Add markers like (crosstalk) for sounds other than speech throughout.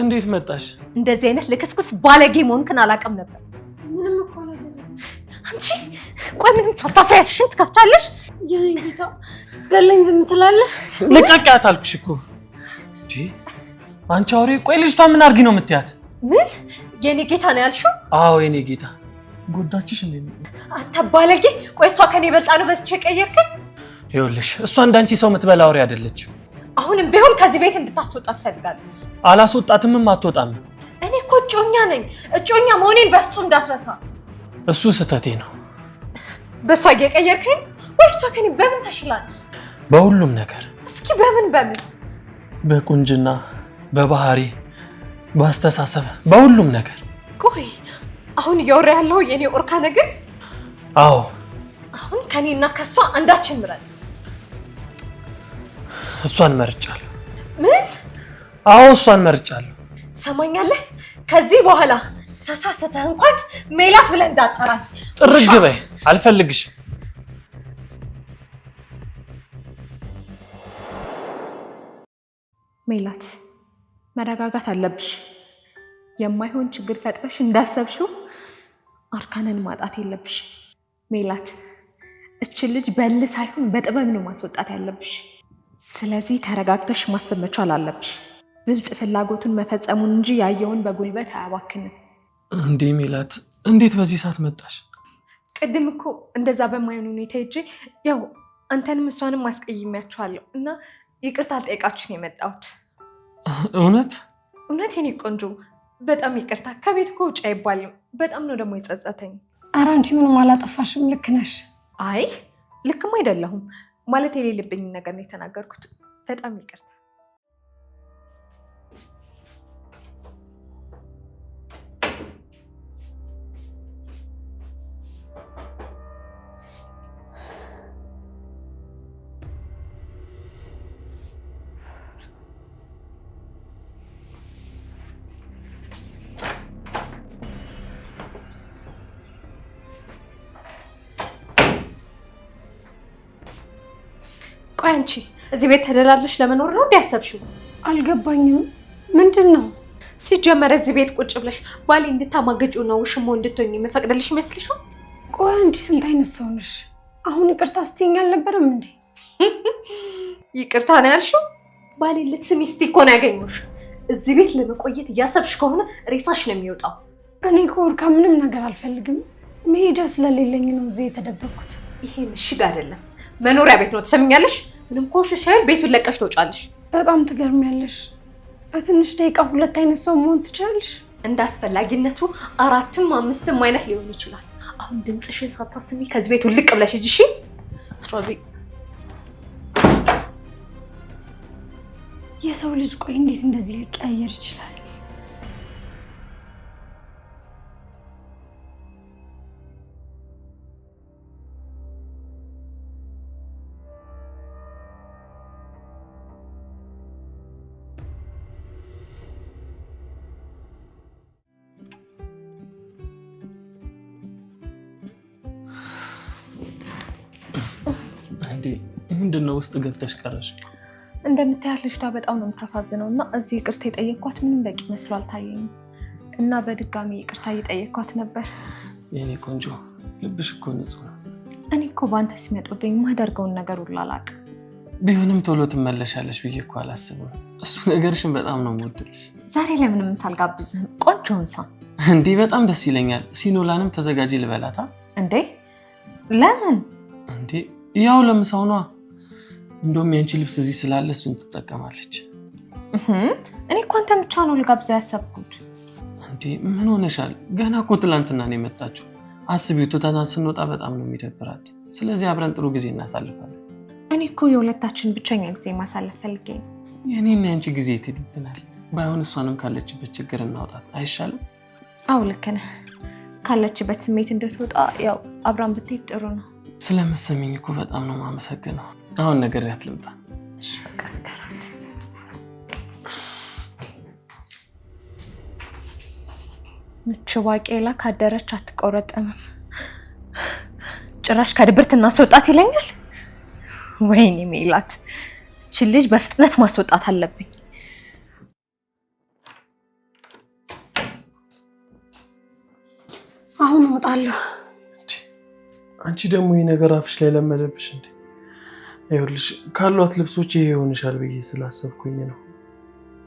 እንዴት መጣሽ? እንደዚህ አይነት ልክስክስ ባለጌ መሆንክን አላውቅም ነበር። ምንም እኮ አንቺ ቆይ ምንም ሳታፈያሽን ትከፍቻለሽ። የኔ ጌታ ስትገለኝ ዝም ትላለህ። ልቀቂያት አልኩሽ እኮ እንጂ አንቺ አውሬ። ቆይ ልጅቷ ምን አድርጊ ነው የምትያት? ምን የኔ ጌታ ነው ያልሽው? አዎ የኔ ጌታ። ጎዳችሽ እንዴ? አንተ ባለጌ! ቆይ እሷ ከኔ በልጣ ነው በስቼ ቀየርከኝ። ይኸውልሽ እሷ እንዳንቺ ሰው የምትበላ አውሬ አይደለችም። አሁንም ቢሆን ከዚህ ቤት እንድታስወጣ ትፈልጋለ አላስወጣትምም፣ አትወጣም። እኔ እኮ እጮኛ ነኝ። እጮኛ መሆኔን በሱ እንዳትረሳ። እሱ ስህተቴ ነው። በሷ እየቀየርከኝ ወይ? እሷ ከኔ በምን ተሽላል? በሁሉም ነገር። እስኪ በምን በምን? በቁንጅና፣ በባህሪ፣ በአስተሳሰብ፣ በሁሉም ነገር። ቆይ አሁን እያወራ ያለው የኔ ኦርካ ነገር? አዎ። አሁን ከኔና ከሷ አንዳችን ምረጥ። እሷን መርጫለሁ። ምን? አዎ እሷን መርጫለሁ። ሰማኛለህ ከዚህ በኋላ ተሳሰተ እንኳን ሜላት ብለህ እንዳጠራኝ። ጥርግ በይ፣ አልፈልግሽም። ሜላት መረጋጋት አለብሽ። የማይሆን ችግር ፈጥረሽ እንዳሰብሽው አርካንን ማጣት የለብሽ ሜላት። እችን ልጅ በል ሳይሆን በጥበብ ነው ማስወጣት ያለብሽ። ስለዚህ ተረጋግተሽ ማሰብ መቻል አለብሽ። ብልጥ ፍላጎቱን መፈጸሙን እንጂ ያየውን በጉልበት አያባክንም። እንዴ ሚላት፣ እንዴት በዚህ ሰዓት መጣሽ? ቅድም እኮ እንደዛ በማይሆን ሁኔታ ሄጄ ያው አንተንም እሷንም አስቀይሜያቸዋለሁ እና ይቅርታ አልጠይቃችሁን የመጣሁት እውነት እውነት የኔ ቆንጆ በጣም ይቅርታ። ከቤት እኮ ውጭ አይባልም። በጣም ነው ደግሞ የጸጸተኝ። ኧረ አንቺ ምንም አላጠፋሽም። ልክ ነሽ። አይ ልክም አይደለሁም ማለት የሌለብኝ ነገር ነው የተናገርኩት። በጣም ይቅርታ። ቆይ አንቺ እዚህ ቤት ተደላለሽ ለመኖር ነው እንዲ ያሰብሽው? አልገባኝም። ምንድን ነው ሲጀመር እዚህ ቤት ቁጭ ብለሽ ባሌ እንድታማገጪው ነው ሽሞ እንድትሆኝ የሚፈቅድልሽ ይመስልሻል? ቆይ አንቺ ስንት አይነት ሰው ነሽ? አሁን ይቅርታ ስትይኝ አልነበረም እንዴ? (laughs) ይቅርታ ነው ያልሽው? ባሌ ልትስሚ ስትይ እኮ ነው ያገኘሁሽ። እዚህ ቤት ለመቆየት እያሰብሽ ከሆነ ሬሳሽ ነው የሚወጣው። እኔ ከወርካ ምንም ነገር አልፈልግም። መሄጃ ስለሌለኝ ነው እዚህ የተደበቅኩት። ይሄ ምሽግ አይደለም፣ መኖሪያ ቤት ነው። ትሰምኛለሽ? ምንም ኮሽሽ ቤቱን ለቀሽ ትወጫለሽ። በጣም ትገርሚያለሽ። በትንሽ ደቂቃ ሁለት አይነት ሰው መሆን ትችላለሽ። እንደ አስፈላጊነቱ አራትም አምስትም አይነት ሊሆን ይችላል። አሁን ድምፅሽን ሳታስቢ ከዚህ ቤት ውልቅ ብለሽ ሂጂ። እሺ አስራቢ የሰው ልጅ ቆይ፣ እንዴት እንደዚህ ሊቀያየር ይችላል? ውስጥ ገብተሽ ቀረሽ። እንደምታያት ልጅቷ በጣም ነው የምታሳዝነው እና እዚህ ይቅርታ የጠየኳት ምንም በቂ መስሎ አልታየኝም እና በድጋሚ ይቅርታ እየጠየኳት ነበር። የኔ ቆንጆ ልብሽ እኮ ንጹህ ነው። እኔ እኮ በአንተ ሲመጡብኝ የማደርገውን ነገር ሁሉ አላውቅም። ቢሆንም ቶሎ ትመለሻለሽ ብዬ እኮ አላስብም። እሱ ነገርሽን በጣም ነው የምወድልሽ። ዛሬ ለምንም ሳልጋብዝህም ቆንጆ እንሳ እንዲህ በጣም ደስ ይለኛል። ሲኖላንም ተዘጋጂ ልበላታ እንዴ? ለምን እንዴ? ያው ለምሳው ነዋ እንደውም ያንቺ ልብስ እዚህ ስላለ እሱን ትጠቀማለች። እኔ እኮ አንተን ብቻ ነው ልጋብዛ ያሰብኩት። እንዴ ምን ሆነሻል? ገና እኮ ትላንትና ነው የመጣችው። አስቢው፣ ትተና ስንወጣ በጣም ነው የሚደብራት። ስለዚህ አብረን ጥሩ ጊዜ እናሳልፋለን። እኔ እኮ የሁለታችን ብቸኛ ጊዜ ማሳለፍ ፈልጌ ነው። የእኔና ያንቺ ጊዜ የት ባይሆን እሷንም ካለችበት ችግር እናውጣት አይሻልም? አው ልክ ነህ። ካለችበት ስሜት እንድትወጣ ያው አብራን ብትሄድ ጥሩ ነው። ስለምትሰሚኝ እኮ በጣም ነው የማመሰግነው። አሁን ነገር ያትልምጣ ምች ባቄላ ካደረች አትቆረጥምም። ጭራሽ ከድብርት እናስወጣት ይለኛል። ወይኔ ሜላት፣ እችን ልጅ በፍጥነት ማስወጣት አለብኝ። አሁን እወጣለሁ። አንቺ ደግሞ ይህ ነገር አፍሽ ላይ ለመደብሽ እንዴ? ይኸውልሽ ካሏት ልብሶች ይሄ ይሆንሻል ብዬ ስላሰብኩኝ ነው።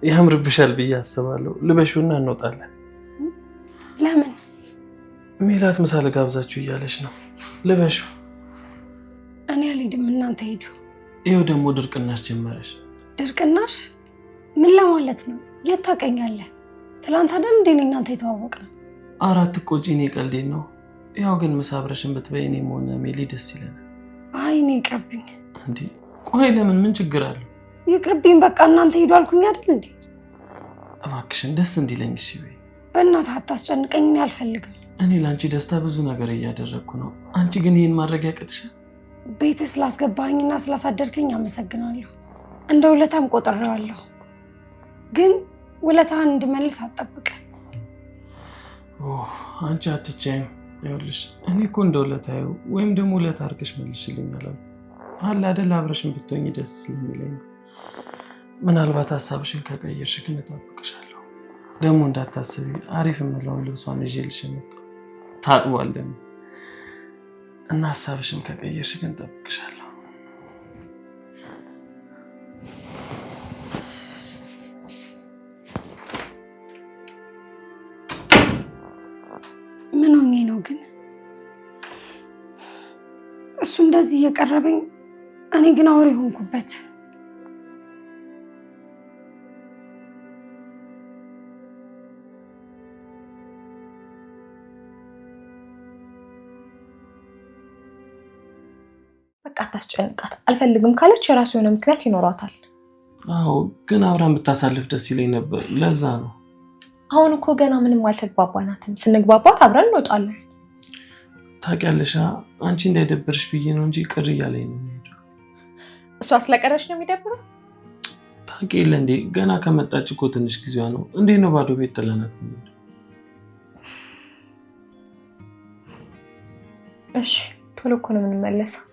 ያምርብሻል ብዬ አስባለሁ። ልበሽውና እንወጣለን። ለምን ሜላት ምሳ ልጋብዛችሁ እያለች ነው። ልበሹ። እኔ አልሄድም፣ እናንተ ሄዱ። ይኸው ደግሞ ድርቅናሽ ጀመረሽ። ድርቅናሽ ምን ለማለት ነው? የት ታውቀኛለህ? ትላንት አደን እንዴን እናንተ ነው። አራት ቆጪ እኔ ቀልዴን ነው። ያው ግን ምሳ አብረሽን ብትበይ እኔም ሆነ ሜሊ ደስ ይለናል። አይ እኔ ይቅርብኝ። እንዴ ቆይ ለምን ምን ችግር አለ? ይቅርብኝ በቃ እናንተ ሄዱ አልኩኝ አይደል እንዴ? እባክሽን ደስ እንዲለኝ እሺ በይ። በእናትህ አታስጨንቀኝ፣ እኔ አልፈልግም። እኔ ለአንቺ ደስታ ብዙ ነገር እያደረግኩ ነው፣ አንቺ ግን ይህን ማድረግ ያቅትሻል። ቤት ስላስገባኝና ስላሳደርከኝ አመሰግናለሁ። እንደ ውለታም ቆጥሬዋለሁ፣ ግን ውለታህን እንድመልስ አትጠብቅ። አንቺ አትቻይም። ይኸውልሽ እኔ እኮ እንደ ውለታ ወይም ደግሞ ውለታ አድርገሽ መልሽልኝ አላልኩም አለ አይደል አብረሽን ብትሆኝ ደስ የሚለኝ ነው። ምናልባት ሀሳብሽን ከቀየርሽ ግን እጠብቅሻለሁ። ደግሞ እንዳታስቢ አሪፍ የምለውን ልብሷን ይዤልሽ የመጣሁት ታጥቧል ደግሞ እና ሀሳብሽን ከቀየርሽ ግን እጠብቅሻለሁ። ምን ሆኜ ነው ግን እሱ እንደዚህ እየቀረበኝ እኔ ግን አውሬ የሆንኩበት በቃ አታስጨንቃት። አልፈልግም ካለች የራሱ የሆነ ምክንያት ይኖራታል። አዎ ግን አብራን ብታሳልፍ ደስ ይለኝ ነበር። ለዛ ነው አሁን እኮ ገና ምንም አልተግባባናትም። ስንግባባት አብረን እንወጣለን። ታውቂያለሽ፣ አንቺ እንዳይደበርሽ ብዬ ነው እንጂ ቅር እያለኝ ነው የሚሄደው እሷ ስለቀረች ነው የሚደብረው። ታውቂ የለ እንዴ? ገና ከመጣች እኮ ትንሽ ጊዜዋ ነው። እንዴት ነው ባዶ ቤት ጥለናት? እሺ ቶሎ እኮ ነው የምንመለሰው።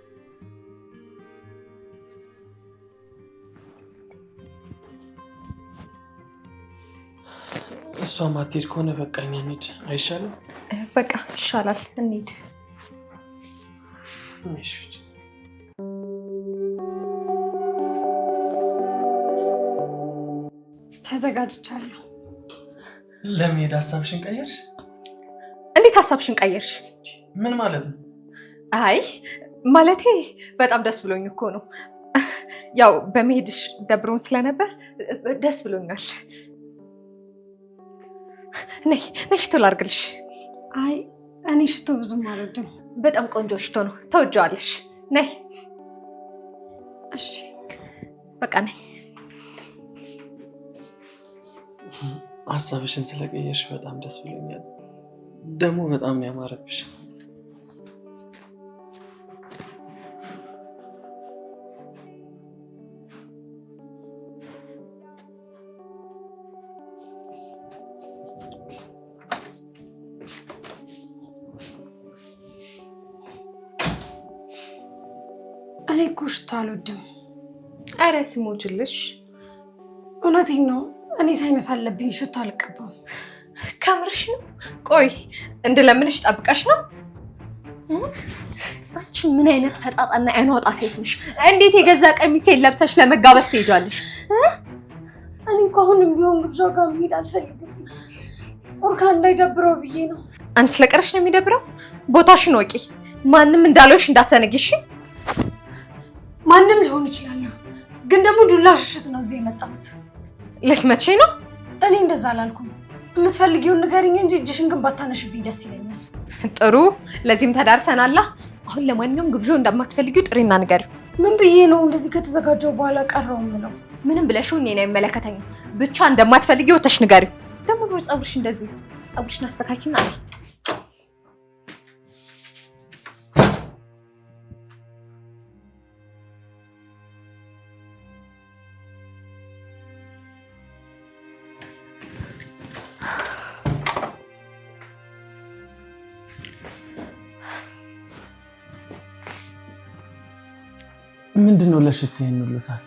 እሷ ማትሄድ ከሆነ በቃ እኛ እንሂድ አይሻልም? በቃ ይሻላል፣ እንሂድ። ተዘጋጅቻለሁ። ለመሄድ ሀሳብሽን ቀየርሽ? እንዴት ሀሳብሽን ቀየርሽ? ምን ማለት ነው? አይ ማለቴ በጣም ደስ ብሎኝ እኮ ነው። ያው በመሄድሽ ደብሮን ስለነበር ደስ ብሎኛል። ነይ ነይ፣ ሽቶ አይ እኔ ሽቶ ብዙም አልወድም። በጣም ቆንጆ ሽቶ ነው፣ ተወጀዋለሽ። ነይ። እሺ በቃ ነይ። ሀሳብሽን ስለቀየርሽ በጣም ደስ ብሎኛል። ደግሞ በጣም ነው ያማረብሽ። እኔ እኮ ሽቶ አልወድም። ኧረ ስሞችልሽ እውነቴን ነው እኔ ሳይነስ አለብኝ፣ ሽቶ አልቀባም። ከምርሽ ነው? ቆይ እንድለምንሽ ጠብቀሽ ነው? አንቺ ምን አይነት ፈጣጣና ያናወጣ ሴት ነሽ? እንዴት የገዛ ቀሚሴን ለብሰሽ ለመጋበዝ ትሄጃለሽ? እኔ እኮ አሁንም ቢሆን ግብዣው ጋር መሄድ አልፈልግም። ኦርካን እንዳይደብረው ብዬ ነው። አንቺ ስለቀረሽ ነው የሚደብረው። ቦታሽን ወቂ። ማንም እንዳለውሽ እንዳትዘነግሽ ማንም ሊሆን ይችላል፣ ግን ደግሞ ዱላ ሽሽት ነው እዚህ የመጣሁት። መቼ ነው? እኔ እንደዛ አላልኩም። የምትፈልጊውን ንገሪኝ እንጂ እጅሽን ግን ባታነሽብኝ ደስ ይለኛል። ጥሩ፣ ለዚህም ተዳርሰናላ። አሁን ለማንኛውም ግብዣ እንደማትፈልጊው ጥሪና ንገሪው። ምን ብዬ ነው እንደዚህ ከተዘጋጀው በኋላ ቀረው ምለው? ምንም ብለሽው እኔን አይመለከተኝም። ብቻ እንደማትፈልጊው ተሽ ንገሪው። ደግሞ ጸጉርሽ እንደዚህ ጸጉርሽን አስተካኪና አለ ምንድን ነው ለሽቱ ይህን ሁሉ ሰዓት?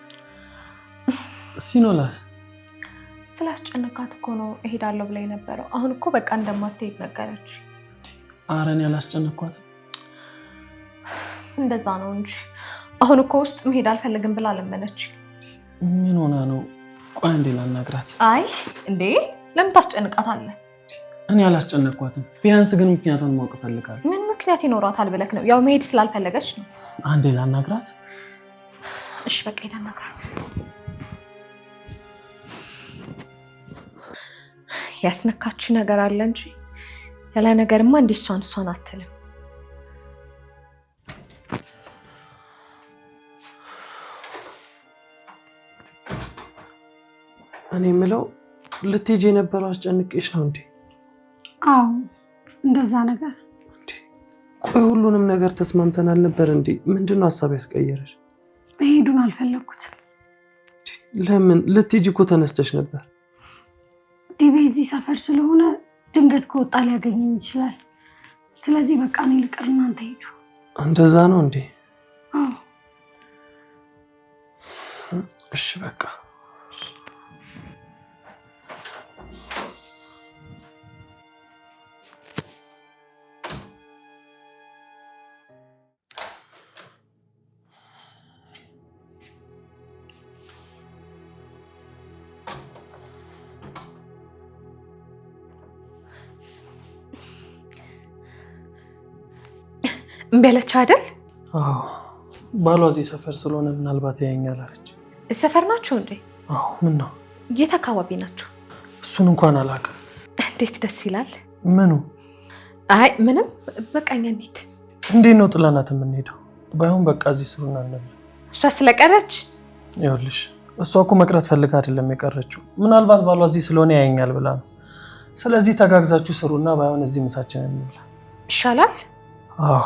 ሲኖላስ ስላስጨነቃት እኮ ነው እሄዳለሁ ብላ የነበረው። አሁን እኮ በቃ እንደማትሄድ ነገረች። አረ እኔ አላስጨነኳትም። እንደዛ ነው እንጂ አሁን እኮ ውስጥ መሄድ አልፈልግም ብላ ለመነች። ምን ሆና ነው? ቆይ እንዴ ላናግራት። አይ እንዴ ለምን ታስጨንቃታለህ? እኔ አላስጨነኳትም። ቢያንስ ግን ምክንያቱን ማወቅ እፈልጋለሁ። ምን ምክንያት ይኖራታል ብለክ ነው? ያው መሄድ ስላልፈለገች ነው። አንዴ ላናግራት እሺ በቃ ሄደን ያስነካችሁ ነገር አለ እንጂ ያለ ነገርማ እንዲህ እሷን እሷን አትልም። እኔ የምለው ልትሄጂ የነበረው አስጨንቄሽ ነው እንዴ? አዎ እንደዛ ነገር። ቆይ ሁሉንም ነገር ተስማምተናል ነበር እንዴ? ምንድን ነው ሀሳብ ያስቀየረች? መሄዱን አልፈለኩት። ለምን ልትሄጂ እኮ ተነስተሽ ነበር። ዲቤ እዚህ ሰፈር ስለሆነ ድንገት ከወጣ ሊያገኘኝ ይችላል። ስለዚህ በቃ እኔ ልቅር፣ እናንተ ሄዱ። እንደዛ ነው እንዴ? አዎ። እሺ በቃ እምቢ አይደል? ባሏ እዚህ ሰፈር ስለሆነ ምናልባት ያኛል አለች። ሰፈር ናቸው እንዴ? ምን ነው የት አካባቢ ናቸው? እሱን እንኳን አላውቅም። እንዴት ደስ ይላል። ምኑ? አይ ምንም፣ በቃ እኛ እንሂድ። እንዴት ነው ጥላናት የምንሄደው? ባይሆን በቃ እዚህ ስሩን አንብላ። እሷ ስለቀረች ይኸውልሽ፣ እሷ እኮ መቅረት ፈልጋ አይደለም የቀረችው። ምናልባት ባሏ እዚህ ስለሆነ ያኛል ብላ ነው። ስለዚህ ተጋግዛችሁ ስሩና ባይሆን እዚህ ምሳችን እንብላ ይሻላል። አዎ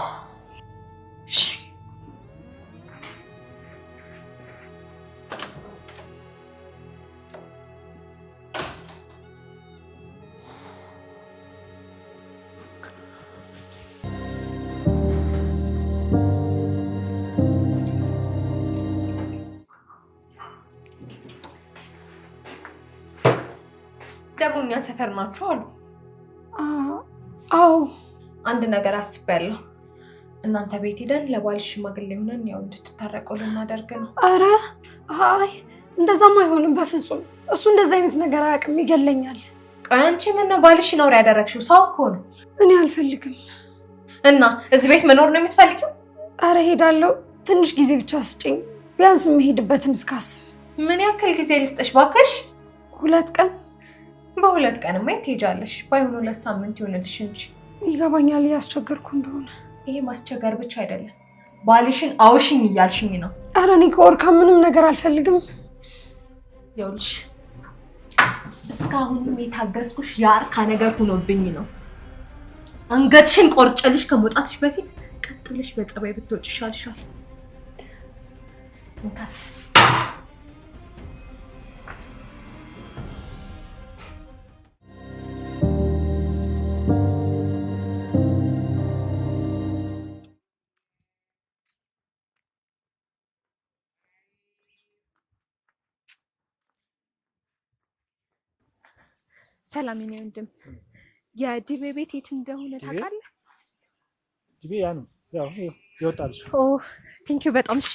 ደግሞ እኛ ሰፈር ናችሁ አሉ። አዎ አንድ ነገር አስቤያለሁ። እናንተ ቤት ሄደን ለባልሽ ሽማግሌ ሆነን ያው እንድትታረቁ ልናደርግ ነው። አረ አይ እንደዛም አይሆንም በፍጹም። እሱ እንደዚ አይነት ነገር አያውቅም፣ ይገለኛል። ቆይ አንቺ ነው ባልሽ ኖር ያደረግሽው? ሰው እኮ ነው። እኔ አልፈልግም። እና እዚህ ቤት መኖር ነው የምትፈልጊው? አረ ሄዳለሁ። ትንሽ ጊዜ ብቻ ስጭኝ፣ ቢያንስ የምሄድበትን እስካስብ። ምን ያክል ጊዜ ልስጥሽ ባክሽ? ሁለት ቀን። በሁለት ቀን ማየት ትሄጃለሽ? ባይሆን ሁለት ሳምንት ይሆንልሽ እንጂ። ይገባኛል እያስቸገርኩ እንደሆነ ይሄ ማስቸገር ብቻ አይደለም፣ ባልሽን አውሽኝ እያልሽኝ ነው። ኧረ እኔ ምንም ነገር አልፈልግም። ይኸውልሽ እስካሁንም የታገዝኩሽ የአርካ ነገር ሆኖብኝ ነው። አንገትሽን ቆርጨልሽ ከመውጣትሽ በፊት ቀጥልሽ በጸባይ ብትወጪ ይሻልሻል። ሰላም የኔ ወንድም፣ የድቤ ቤት የት እንደሆነ ታውቃለህ? ድቤ ያ ነው ያው ይወጣል። ኦ ቴንክ ዩ በጣም እሺ።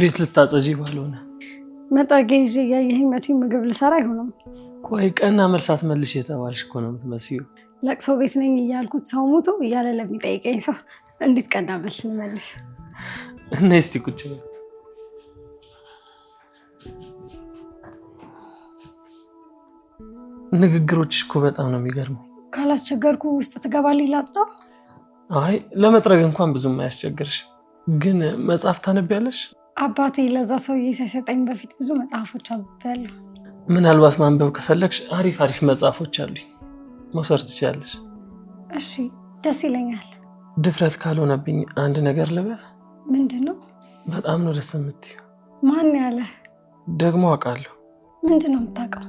ቤት ልታጸጂ ባልሆነ መጥረጊያ ይዤ እያየኸኝ መቼም ምግብ ልሰራ አይሆንም። ቆይ ቀና መልሳት መልሽ የተባልሽ እኮ ነው ለቅሶ ቤት ነኝ እያልኩት ሰው ሙቶ እያለ ለሚጠይቀኝ ሰው እንዴት ቀና መልስ ልመልስ? እና ስቲ ቁጭ ነው ንግግሮችሽ እኮ በጣም ነው የሚገርመው። ካላስቸገርኩ ውስጥ ትገባልኝ ላጽዳው? አይ ለመጥረግ እንኳን ብዙም አያስቸግርሽ። ግን መጽሐፍ ታነቢያለሽ? አባቴ ለዛ ሰውዬ ሳይሰጠኝ በፊት ብዙ መጽሐፎች አብቤያለሁ። ምናልባት ማንበብ ከፈለግሽ አሪፍ አሪፍ መጽሐፎች አሉኝ፣ መውሰድ ትችላለች። እሺ፣ ደስ ይለኛል። ድፍረት ካልሆነብኝ አንድ ነገር ልበል። ምንድን ነው? በጣም ነው ደስ የምትይው። ማን ያለ? ደግሞ አውቃለሁ። ምንድን ነው የምታውቀው?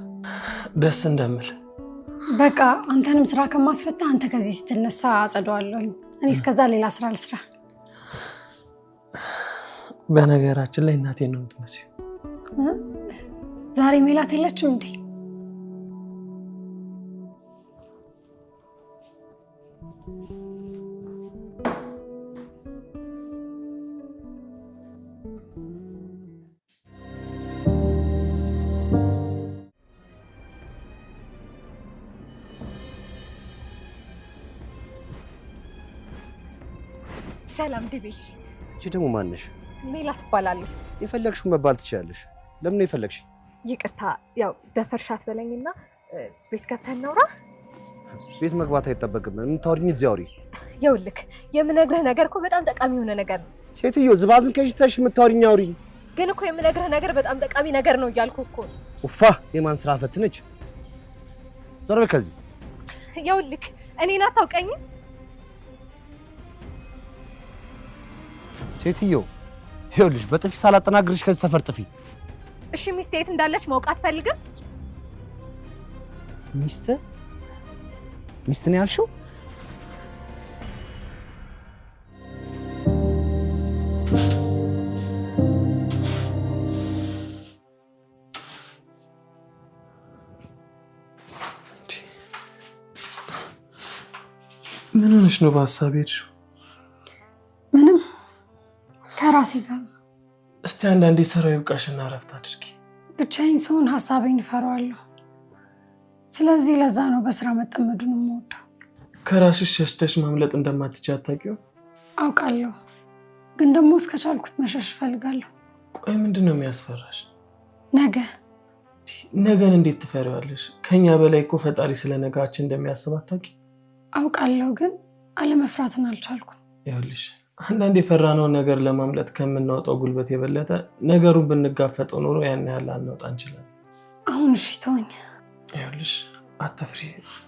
ደስ እንደምል። በቃ አንተንም ስራ ከማስፈታ አንተ ከዚህ ስትነሳ አጸደዋለሁኝ። እኔ እስከዛ ሌላ ስራ ልስራ። በነገራችን ላይ እናቴን ነው የምትመስ። ዛሬ ሜላት የለችም እንዴ? ሰላም ድቤ። እጅ ደግሞ ማነሽ? ሜላ ትባላለሁ የፈለግሽው መባል ትችላለሽ። ለምን ነው የፈለግሽ? ይቅርታ ያው ደፈርሻት በለኝና ቤት ገብተን እናውራ። ቤት መግባት አይጠበቅም። የምታወሪኝ እዚያ አውሪ። ይኸውልህ የምነግርህ ነገር እኮ በጣም ጠቃሚ የሆነ ነገር ነው። ሴትዮ ዝባዝን ከሽተሽ የምታወሪኝ አውሪ። ግን እኮ የምነግርህ ነገር በጣም ጠቃሚ ነገር ነው እያልኩ እኮ። ኡፋ የማን ስራ ፈት ዞር በል ከዚህ። ይኸውልህ እኔን አታውቀኝም ሴትዮ ይኸውልሽ በጥፊ ሳላጠናግርሽ ከዚህ ሰፈር ጥፊ። እሺ ሚስት የት እንዳለች ማወቅ አትፈልግም? ሚስት ሚስት ነው ያልሽው? ምን ሆነሽ ነው በሀሳብ ሄድሽው? ከራሴ ጋር ነው። እስቲ አንዳንዴ ስራው ይብቃሽና እረፍት አድርጊ። ብቻዬን ሰውን ሀሳቤን እፈራዋለሁ። ስለዚህ ለዛ ነው በስራ መጠመዱን የምወደው። ከራስሽ ሸሽተሽ ማምለጥ እንደማትች አታውቂው? አውቃለሁ፣ ግን ደግሞ እስከቻልኩት መሸሽ እፈልጋለሁ። ቆይ ምንድን ነው የሚያስፈራሽ? ነገ ነገን እንዴት ትፈሪዋለሽ? ከኛ በላይ እኮ ፈጣሪ ስለ ነጋችን እንደሚያስብ አታውቂ? አውቃለሁ፣ ግን አለመፍራትን አልቻልኩም። ይኸውልሽ አንዳንድ የፈራነውን ነገር ለማምለጥ ከምናወጣው ጉልበት የበለጠ ነገሩን ብንጋፈጠው ኖሮ ያን ያህል አናውጣ እንችላለን። አሁን እሺ ተወኝ። ይኸውልሽ አትፍሪ፣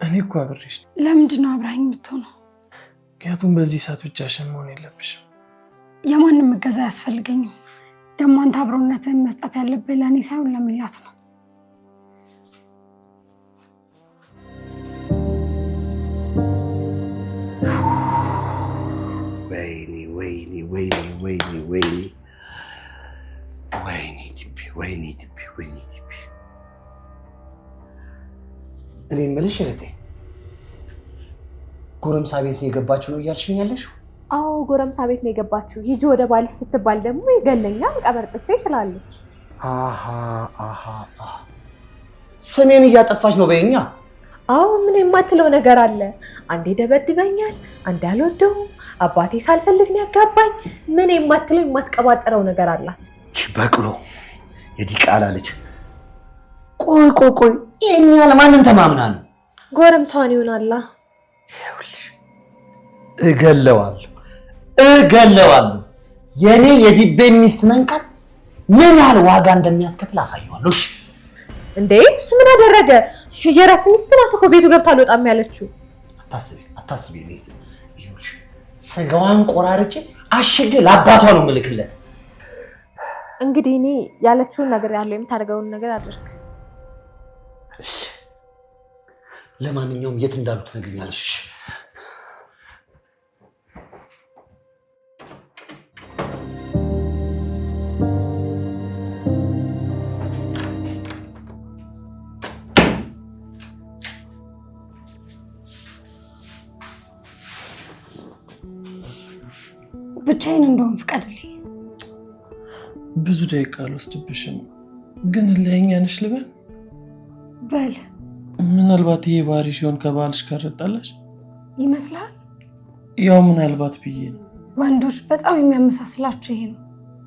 እኔ እኮ አብሬሽ። ለምንድን ነው አብረኸኝ የምትሆነው? ምክንያቱም በዚህ ሰዓት ብቻሽን መሆን የለብሽም። የማንም እገዛ አያስፈልገኝም። ደግሞ አንተ አብሮነትህን መስጠት ያለብህ ለእኔ ሳይሆን ለሜላት ነው። ወይኔ ወይኔ ወይኔ ወይኔ ወይኔ ግቢ ወይኔ ግቢ ወይኔ ግቢ። እኔ የምልሽ እህቴ ጎረምሳ ቤት ነው የገባችው ነው እያልሽኝ ያለሽው? አዎ ጎረምሳ ቤት ነው የገባችው። ሂጂ ወደ ባልሽ ስትባል ደግሞ ይገለኛል ቀበርጥሴ ትላለች። ስሜን እያጠፋች ነው በይኛ አዎ ምን የማትለው ነገር አለ? አንዴ ደበድበኛል፣ አንዴ አልወደውም፣ አባቴ ሳልፈልግ ያጋባኝ። ምን የማትለው የማትቀባጠረው ነገር አላት? በቅሎ የዲቃላ ልጅ። ቆይ ቆይ ቆይ፣ የኛ ለማንም ተማምና ነው? ጎረምሳዋን ይሆናላ። እገለዋለሁ፣ እገለዋለሁ። የኔ የዲቤ ሚስት መንካት ምን ያህል ዋጋ እንደሚያስከፍል አሳየዋለሁ። እንዴ እሱ ምን አደረገ? የራስ ሚስት ናት እኮ ቤቱ ገብታ አልወጣም ያለችው። አታስቢ አታስቢ። ቤት ይኸውልሽ፣ ስጋዋን ቆራርጬ አሽጌ ለአባቷ ነው ምልክለት። እንግዲህ እኔ ያለችውን ነገር ያለው የምታደርገውን ነገር አድርግ። ለማንኛውም የት እንዳሉት ። ትነግሪኛለሽ። ብቻዬን እንደሆን ፍቀድልኝ። ብዙ ደቂቃ አልወስድብሽም፣ ግን ለእኛ ነሽ ልበል በል። ምናልባት ይሄ ባህሪ ሲሆን ከባልሽ ጋር ይመስላል። ያው ምናልባት ብዬ ነው። ወንዶች በጣም የሚያመሳስላቸው ይሄ ነው።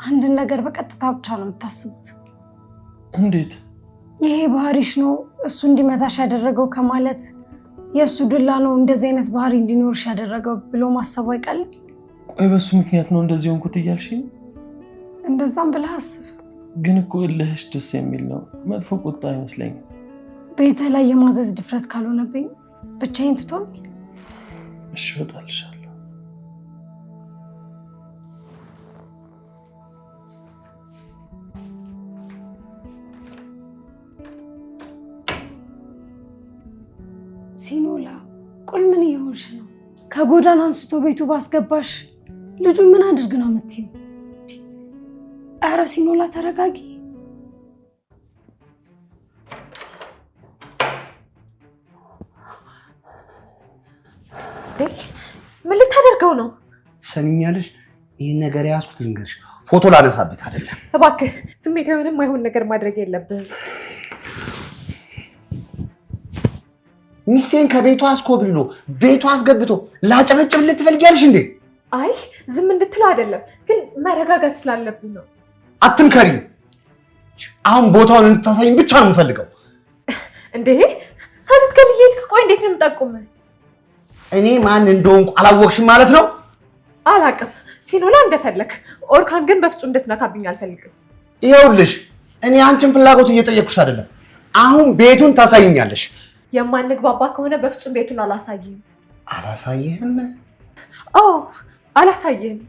አንድን ነገር በቀጥታ ብቻ ነው የምታስቡት። እንዴት ይሄ ባህሪሽ ነው እሱ እንዲመታሽ ያደረገው ከማለት የእሱ ዱላ ነው እንደዚህ አይነት ባህሪ እንዲኖርሽ ያደረገው ብሎ ማሰቡ አይቀልም። ቆይ በሱ ምክንያት ነው እንደዚህ ሆንኩት እያልሽኝ? እንደዛም ብለህ አስብ። ግን እኮ እልህሽ ደስ የሚል ነው፣ መጥፎ ቁጣ አይመስለኝም። ቤተ ላይ የማዘዝ ድፍረት ካልሆነብኝ ብቻዬን ትቶኝ። እሺ እወጣልሻለሁ። ሲኖላ ቆይ ምን እየሆንሽ ነው? ከጎዳና አንስቶ ቤቱ ባስገባሽ ልጁ ምን አድርግ ነው የምትይው? አረ ሲኖላ ተረጋጊ። ምን ልታደርገው ነው? ሰሚኛለሽ? ይህን ነገር የያዝኩት ልንገርሽ፣ ፎቶ ላነሳበት አይደለም። እባክህ ስሜታዊንም አይሆን ነገር ማድረግ የለብህም። ሚስቴን ከቤቷ አስኮብልሎ ቤቷ አስገብቶ ላጨበጭብለት ትፈልጊያለሽ እንዴ? አይ ዝም እንድትለው አይደለም፣ ግን መረጋጋት ስላለብን ነው። አትምከሪ። አሁን ቦታውን እንድታሳይኝ ብቻ ነው የምፈልገው። እንዴ ሰው ልትገልዬ ቆይ፣ እንዴት ነው የምጠቁም? እኔ ማን እንደሆንኩ አላወቅሽም ማለት ነው? አላቅም። ሲኖላ እንደፈለግ ኦርካን ግን በፍጹም እንድትነካብኝ አልፈልግም። ይኸውልሽ እኔ አንቺን ፍላጎት እየጠየቅኩሽ አይደለም። አሁን ቤቱን ታሳይኛለሽ። የማንግባባ ከሆነ በፍጹም ቤቱን አላሳይም። አላሳይህም? አዎ አላሳየህም።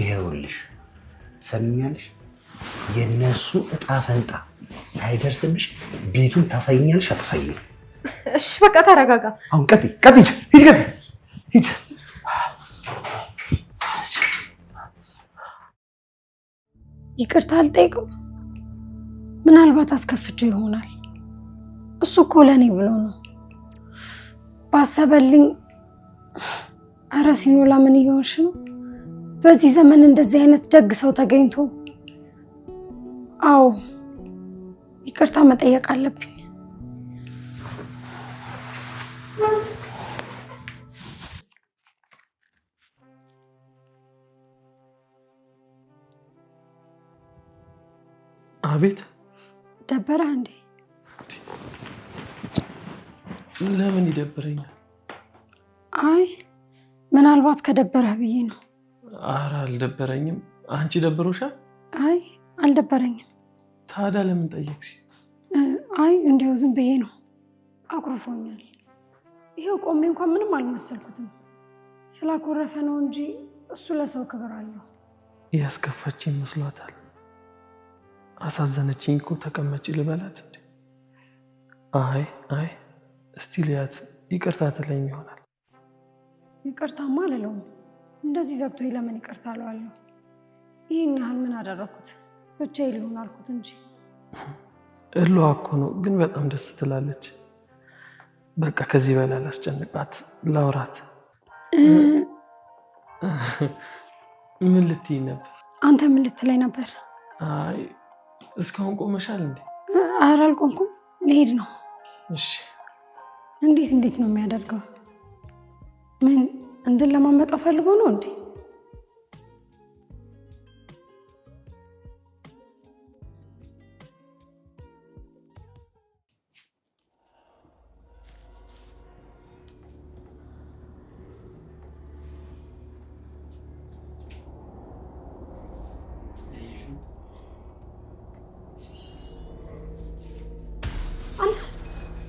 ይኸውልሽ ሰምኛለሽ፣ የእነሱ እጣ ፈንጣ ቤቱን ታሳይኛለሽ። አታሳይ። እሺ በቃ ተረጋጋ። አሁን ቀጥ ቀጥ ሂጅ ሂጅ ቀጥ ሂጅ ይቅርታ አልጠይቅም። ምናልባት አስከፍቼው ይሆናል። እሱ እኮ ለእኔ ብሎ ነው ባሰበልኝ አረ ሲኖላ ምን እየሆንሽ ነው? በዚህ ዘመን እንደዚህ አይነት ደግ ሰው ተገኝቶ? አዎ ይቅርታ መጠየቅ አለብኝ። አቤት ደበረ እንዴ? ለምን ይደብረኛል? አይ ምናልባት ከደበረህ ብዬ ነው። አረ አልደበረኝም። አንቺ ደብሮሻል? አይ አልደበረኝም። ታዲያ ለምን ጠየቅሽ? አይ እንዲሁ ዝም ብዬ ነው። አኩርፎኛል። ይሄው ቆሜ እንኳን ምንም አልመሰልኩትም። ስላኮረፈ ነው እንጂ እሱ ለሰው ክብር አለው። ያስከፋች ይመስሏታል። አሳዘነችኝ እኮ ተቀመጭ ልበላት እንዴ? አይ አይ እስቲ ልያት፣ ይቅርታ ትለኝ ይሆናል ይቅርታማ አልለውም። እንደዚህ ዘግቶ ለምን ይቅርታ አለዋለሁ? ይህን ያህል ምን አደረኩት? ብቻዬን ልሁን አልኩት እንጂ እለዋ እኮ ነው። ግን በጣም ደስ ትላለች። በቃ ከዚህ በላይ ላስጨንቃት፣ ላውራት። ምን ልትይ ነበር? አንተ ምን ልትለኝ ነበር? አይ እስካሁን ቆመሻል እንዴ? ኧረ አልቆምኩም፣ ልሄድ ነው። እሺ። እንዴት እንዴት ነው የሚያደርገው? ምን እንድን ለማመጣ ፈልጎ ነው እንዴ?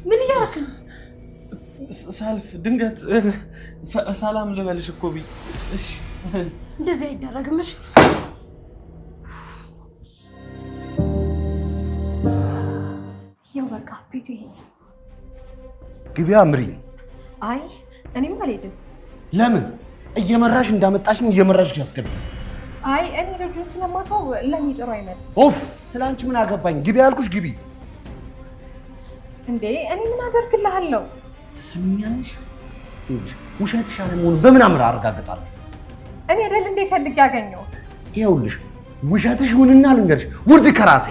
ምን እያደረክ ነው? ሳልፍ ድንገት ሰላም ልበልሽ እኮ እንደዚህ አይደረግም። እሺ በቃ ቤቱ ይሄ ግቢያ ምሪ። አይ እኔም አልሄድም። ለምን? እየመራሽ እንዳመጣሽም እየመራሽ ያስገባል። አይ እኔ ልጁን ስለማታው ለኔ ጥሩ አይመጣም። ኦፍ ስለ አንቺ ምን አገባኝ? ግቢ ያልኩሽ ግቢ። እንዴ እኔ ምን አደርግልሃለሁ? ተሰሚኛለሽ ውሸትሽ አለመሆኑን በምን አምራ አረጋግጣለሁ? እኔ አይደል እንዴ ፈልጌ ያገኘሁት። ይኸውልሽ ውሸትሽ ይሁንና ልንገርሽ ውርድ ከራሴ